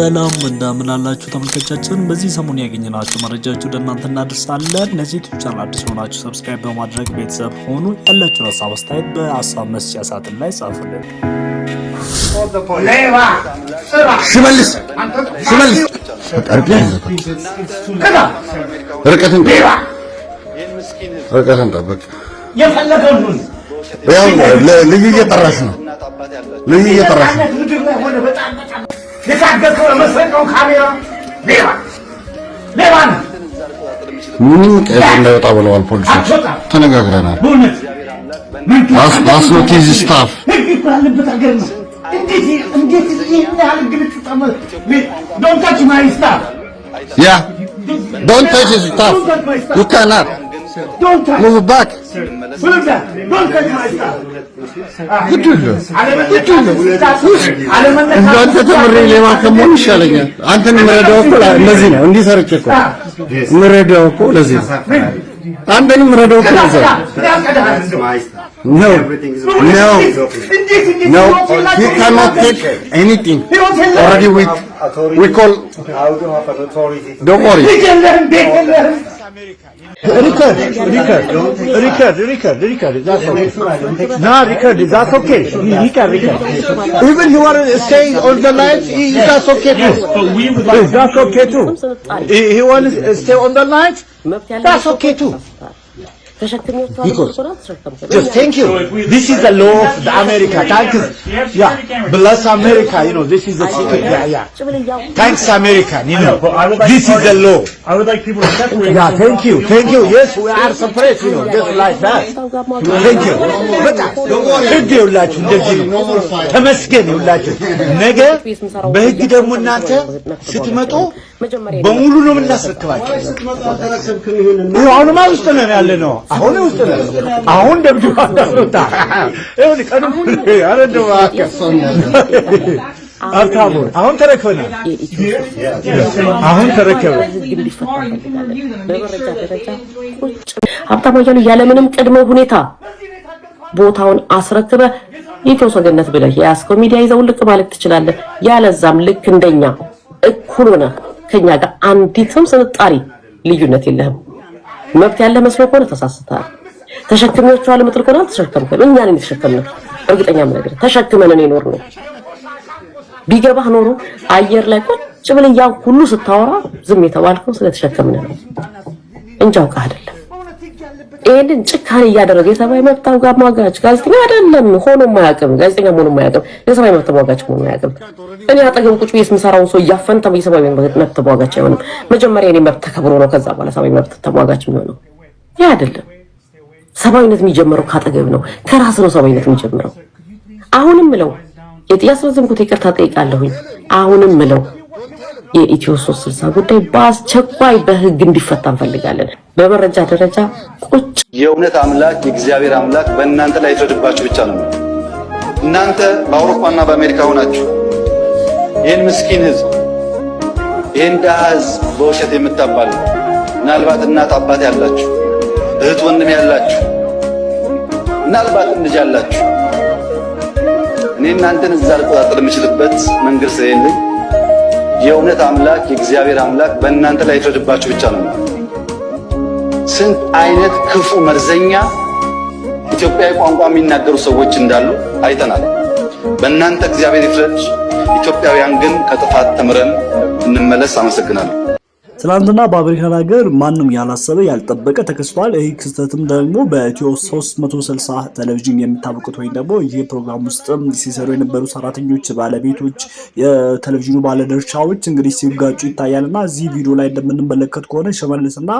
ሰላም እንደምን አላችሁ ተመልካቾቻችን። በዚህ ሰሞን ያገኘናችሁ መረጃዎች ወደ እናንተ እናደርሳለን። ለዚህ ዩቲዩብ ቻናል አዲስ ሆናችሁ ሰብስክራይብ በማድረግ ቤተሰብ ሆኑ። ያላችሁ ሀሳብ አስተያየት በሀሳብ መስጫ ሳጥን ላይ ጻፉልን። ሽመልስ ሽመልስ ርቀትን ርቀትን ጠብቅ። ልዩ እየጠራሽ ነው። ልዩ እየጠራሽ ነው። It's like this little Muslim don't come here. Never. Never. ምንም ቀብ እንዳይወጣ ብለዋል ፖሊሶች። ተነጋግረናል። ላስሎት ዝ ስታፍ ህግ እኮ ያለበት ሀገር ነው። እንዴት እንዴት ይህን ያህል ግልጽ ጠመ ዶንታች ማይ ስታፍ ያ ዶንታች ስታፍ ዩ ካናት እንዳንተ ተምሬ ሌባ ከመሆን ይሻለኛል። አንተን የምረዳው እኮ ለዚህ ነው። እንዲህ ሰርቼ እኮ የምረዳው እኮ ለዚህ ነው። አንተን የምረዳው እኮ ለዚያ ነው። No. No. No. he cannot take anything. Already we, we call, don't worry. Richard, record, Richard, record, Richard. That's okay. I do No, record. That's okay. He, can Richard. Even you are staying on the night. he, that's okay too. That's okay too. He, wants to stay on the night. That's okay too because just thank you. this is the law of the America. Thank you. Yeah, bless America. You know, this is the secret. Yeah, yeah. Thanks, America. You know, this is the law. I would like people to separate. Yeah, thank you, thank you. Yes, we are suppressed. You know, just like that. Thank you. በቃ ህግ የውላችሁ እንደዚህ ነው። ተመስገን የውላችሁ ነገ በህግ ደግሞ እናንተ ስትመጡ በሙሉ ነው የምናስረክባቸው። አሁንማ ውስጥ ነን ያለ ነው። አሁን ውስጥ ነን። አሁን ደብድባ እንዳስወጣ አብታሙ አሁን ተረክበናል። አሁን ተረከበ። ሀብታሙ እያሉ ያለምንም ቅድመ ሁኔታ ቦታውን አስረክበ የኢትዮ ሰገነት ብለህ የያዝከው ሚዲያ ይዘው ልቅ ማለት ትችላለህ። ያለዛም ልክ እንደኛ እኩል ሆነ ከኛ ጋር አንዲትም ስንጣሪ ልዩነት የለህም። መብት ያለ መስሎ ከሆነ ተሳስተሃል። ተሸክሚዎችኋል የምትል ከሆነ አልተሸከምክም። እኛ ነን የተሸከምነው። እርግጠኛ ነገር ተሸክመንን ይኖር ነው። ቢገባህ ኖሮ አየር ላይ ቁጭ ብለህ ያን ሁሉ ስታወራ ዝም የተባልከው ስለተሸከምን ነው እንጂ አውቀህ አይደለም። ይህንን ጭካኔ እያደረገ የሰብአዊ መብት አሟጋች ጋዜጠኛ አይደለም ሆኖ ማያውቅም፣ ጋዜጠኛ ሆኖ ማያውቅም፣ የሰብአዊ መብት ተሟጋች ሆኖ ማያውቅም። እኔ አጠገብ ቁጭ ብዬ የምሰራውን ሰው እያፈን የሰብአዊ መብት ተሟጋች አይሆንም። መጀመሪያ የኔ መብት ተከብሮ ነው ከዛ በኋላ ሰብአዊ መብት ተሟጋች የሚሆነው። ይህ አይደለም ሰብአዊነት የሚጀምረው ካጠገብ ነው፣ ከራስ ነው ሰብአዊነት የሚጀምረው። አሁንም ምለው ያስረዘምኩት ይቅርታ ጠይቃለሁኝ። አሁንም ምለው የኢትዮ ሶስት ስልሳ ጉዳይ በአስቸኳይ በህግ እንዲፈታ እንፈልጋለን። በመረጃ ደረጃ ቁጭ የእውነት አምላክ የእግዚአብሔር አምላክ በእናንተ ላይ ይፍረድባችሁ ብቻ ነው። እናንተ በአውሮፓና በአሜሪካ ሆናችሁ ይህን ምስኪን ህዝብ ይህን ድሃ ህዝብ በውሸት የምታባሉ ምናልባት እናት አባት ያላችሁ እህት ወንድም ያላችሁ ምናልባት ልጅ ያላችሁ እኔ እናንተን እዛ ልቆጣጠር የምችልበት መንገድ ስለሌለኝ የእውነት አምላክ የእግዚአብሔር አምላክ በእናንተ ላይ ይፍረድባችሁ ብቻ ነው። ስንት አይነት ክፉ መርዘኛ ኢትዮጵያዊ ቋንቋ የሚናገሩ ሰዎች እንዳሉ አይተናል። በእናንተ እግዚአብሔር ይፍረድ። ኢትዮጵያውያን ግን ከጥፋት ተምረን እንመለስ። አመሰግናለሁ። ትናንትና በአሜሪካን ሀገር ማንም ያላሰበ ያልጠበቀ ተከስቷል። ይህ ክስተትም ደግሞ በኢትዮ 360 ቴሌቪዥን የሚታወቁት ወይም ደግሞ ይህ ፕሮግራም ውስጥም ሲሰሩ የነበሩ ሰራተኞች፣ ባለቤቶች፣ የቴሌቪዥኑ ባለድርሻዎች እንግዲህ ሲጋጩ ይታያል እና እዚህ ቪዲዮ ላይ እንደምንመለከት ከሆነ ሽመልስ እና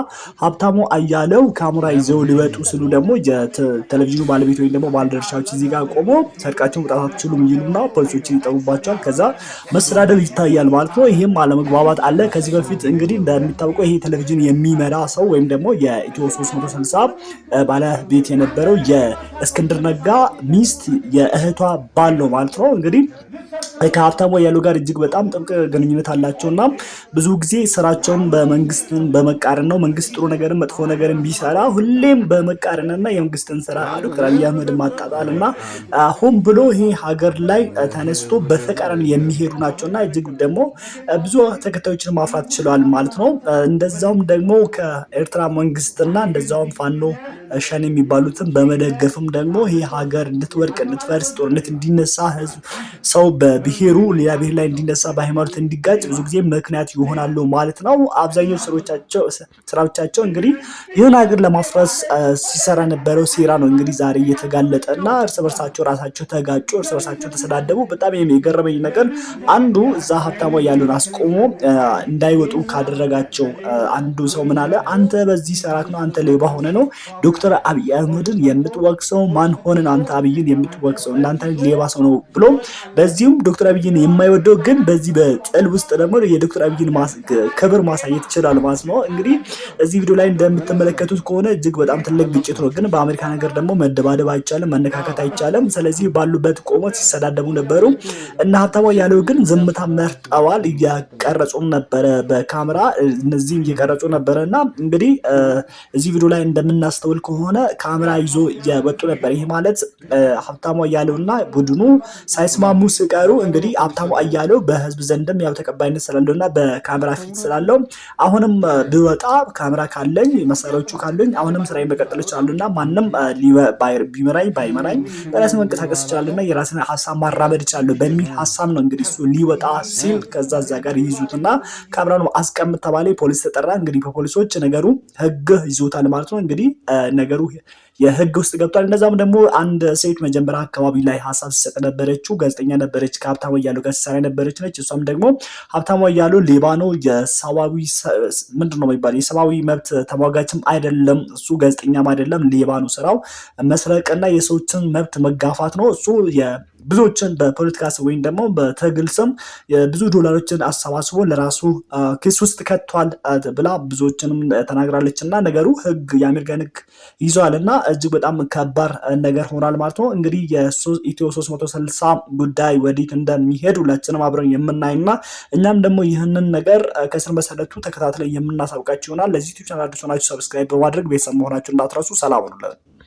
ሀብታሙ አያለው ካሜራ ይዘው ሊበጡ ስሉ ደግሞ የቴሌቪዥኑ ባለቤት ወይም ደግሞ ባለድርሻዎች እዚህ ጋር ቆመው ሰርቃቸውን መውጣት አትችሉም ይሉና ፖሊሶችን ይጠሩባቸዋል። ከዛ መሰዳደብ ይታያል ማለት ነው። ይህም አለመግባባት አለ። ከዚህ በፊት እንግዲህ እንደሚታወቀው ይሄ ቴሌቪዥን የሚመራ ሰው ወይም ደግሞ የኢትዮ 360 ባለቤት የነበረው የእስክንድር ነጋ ሚስት የእህቷ ባል ነው ማለት ነው እንግዲህ ከሀብታሙ ወያሉ ጋር እጅግ በጣም ጥብቅ ግንኙነት አላቸው እና ብዙ ጊዜ ስራቸውን በመንግስትን በመቃረን ነው። መንግስት ጥሩ ነገርን መጥፎ ነገርን ቢሰራ ሁሌም በመቃረንና የመንግስትን ስራ ዶክተር አብይ አህመድ ማጣጣል እና ሆን ብሎ ይሄ ሀገር ላይ ተነስቶ በተቃራኒ የሚሄዱ ናቸው እና እጅግ ደግሞ ብዙ ተከታዮችን ማፍራት ችሏል ማለት ነው። እንደዛውም ደግሞ ከኤርትራ መንግስትና እንደዛውም ፋኖ ሸኔ የሚባሉትን በመደገፍም ደግሞ ይህ ሀገር እንድትወድቅ እንድትፈርስ፣ ጦርነት እንዲነሳ፣ ሰው በብሔሩ ሌላ ብሔር ላይ እንዲነሳ፣ በሃይማኖት እንዲጋጭ ብዙ ጊዜ ምክንያት ይሆናሉ ማለት ነው። አብዛኛው ስራዎቻቸው እንግዲህ ይህን ሀገር ለማፍረስ ሲሰራ ነበረው ሴራ ነው እንግዲህ ዛሬ እየተጋለጠ እና እርስ በርሳቸው ራሳቸው ተጋጩ፣ እርስ በርሳቸው ተሰዳደቡ። በጣም የገረመኝ ነገር አንዱ እዛ ሀብታሞ ያሉን አስቆሞ እንዳይወጡ ካደረጋቸው አንዱ ሰው ምን አለ? አንተ በዚህ ሰራክ ነው አንተ ሌባ ሆነ ነው ዶክተር ዶክተር አብይ አህመድን የምትወቅሰው ማን ሆነን አንተ አብይን የምትወቅሰው እናንተ ሌባ ሰው ነው ብሎ በዚሁም ዶክተር አብይን የማይወደው ግን በዚህ በጥል ውስጥ ደግሞ የዶክተር አብይን ክብር ማሳየት ይችላል ማለት ነው። እንግዲህ እዚህ ቪዲዮ ላይ እንደምትመለከቱት ከሆነ እጅግ በጣም ትልቅ ግጭት ነው። ግን በአሜሪካ ነገር ደግሞ መደባደብ አይቻልም፣ መነካከት አይቻልም። ስለዚህ ባሉበት ቆሞ ሲሰዳደቡ ነበሩ እና ሀብታሙ ያለው ግን ዝምታ መርጠዋል። እያቀረጹም ነበረ በካሜራ እነዚህም እየቀረጹ ነበረ እና እንግዲህ እዚህ ቪዲዮ ላይ እንደምናስተውል ከሆነ ካሜራ ይዞ እየወጡ ነበር። ይህ ማለት ሀብታሙ አያሌው እና ቡድኑ ሳይስማሙ ሲቀሩ እንግዲህ ሀብታሙ አያሌው በህዝብ ዘንድም ያው ተቀባይነት ስላለው እና በካሜራ ፊት ስላለው አሁንም ብወጣ ካሜራ ካለኝ መሳሪያዎቹ ካሉኝ አሁንም ስራ መቀጠል ይችላሉ እና ማንም ቢመራኝ ባይመራኝ በራስ መንቀሳቀስ ይችላሉ እና የራሴን ሀሳብ ማራመድ ይችላሉ በሚል ሀሳብ ነው እንግዲህ እሱ ሊወጣ ሲል ከዛ እዛ ጋር ይይዙት እና ካሜራ አስቀምጥ ተባለ። ፖሊስ ተጠራ። እንግዲህ በፖሊሶች ነገሩ ህግ ይዞታል ማለት ነው እንግዲህ ነገሩ የህግ ውስጥ ገብቷል። እነዛም ደግሞ አንድ ሴት መጀመሪያ አካባቢ ላይ ሀሳብ ሲሰጥ ነበረችው ጋዜጠኛ ነበረች፣ ከሀብታሙ እያሉ ጋር ሲሰራ ነበረች ነች። እሷም ደግሞ ሀብታሙ እያሉ ሊባኖ ነው፣ የሰብአዊ ምንድን ነው የሰብአዊ መብት ተሟጋችም አይደለም፣ እሱ ጋዜጠኛም አይደለም፣ ሊባኖ ስራው መስረቅና የሰዎችን መብት መጋፋት ነው እሱ ብዙዎችን በፖለቲካ ስም ወይም ደግሞ በትግል ስም ብዙ ዶላሮችን አሰባስቦ ለራሱ ኪስ ውስጥ ከቷል ብላ ብዙዎችንም ተናግራለች እና ነገሩ ህግ የአሜሪካን ህግ ይዟል እና እጅግ በጣም ከባድ ነገር ሆኗል ማለት ነው። እንግዲህ የኢትዮ 360 ጉዳይ ወዴት እንደሚሄድ ሁላችንም አብረን የምናይና እኛም ደግሞ ይህንን ነገር ከስር መሰረቱ ተከታትለን የምናሳውቃችሁ ይሆናል። ለዚህ ዩቲዩብ ቻናል አዲስ ሆናችሁ ሰብስክራይብ በማድረግ ቤተሰብ መሆናችሁ እንዳትረሱ። ሰላም ሁኑልን።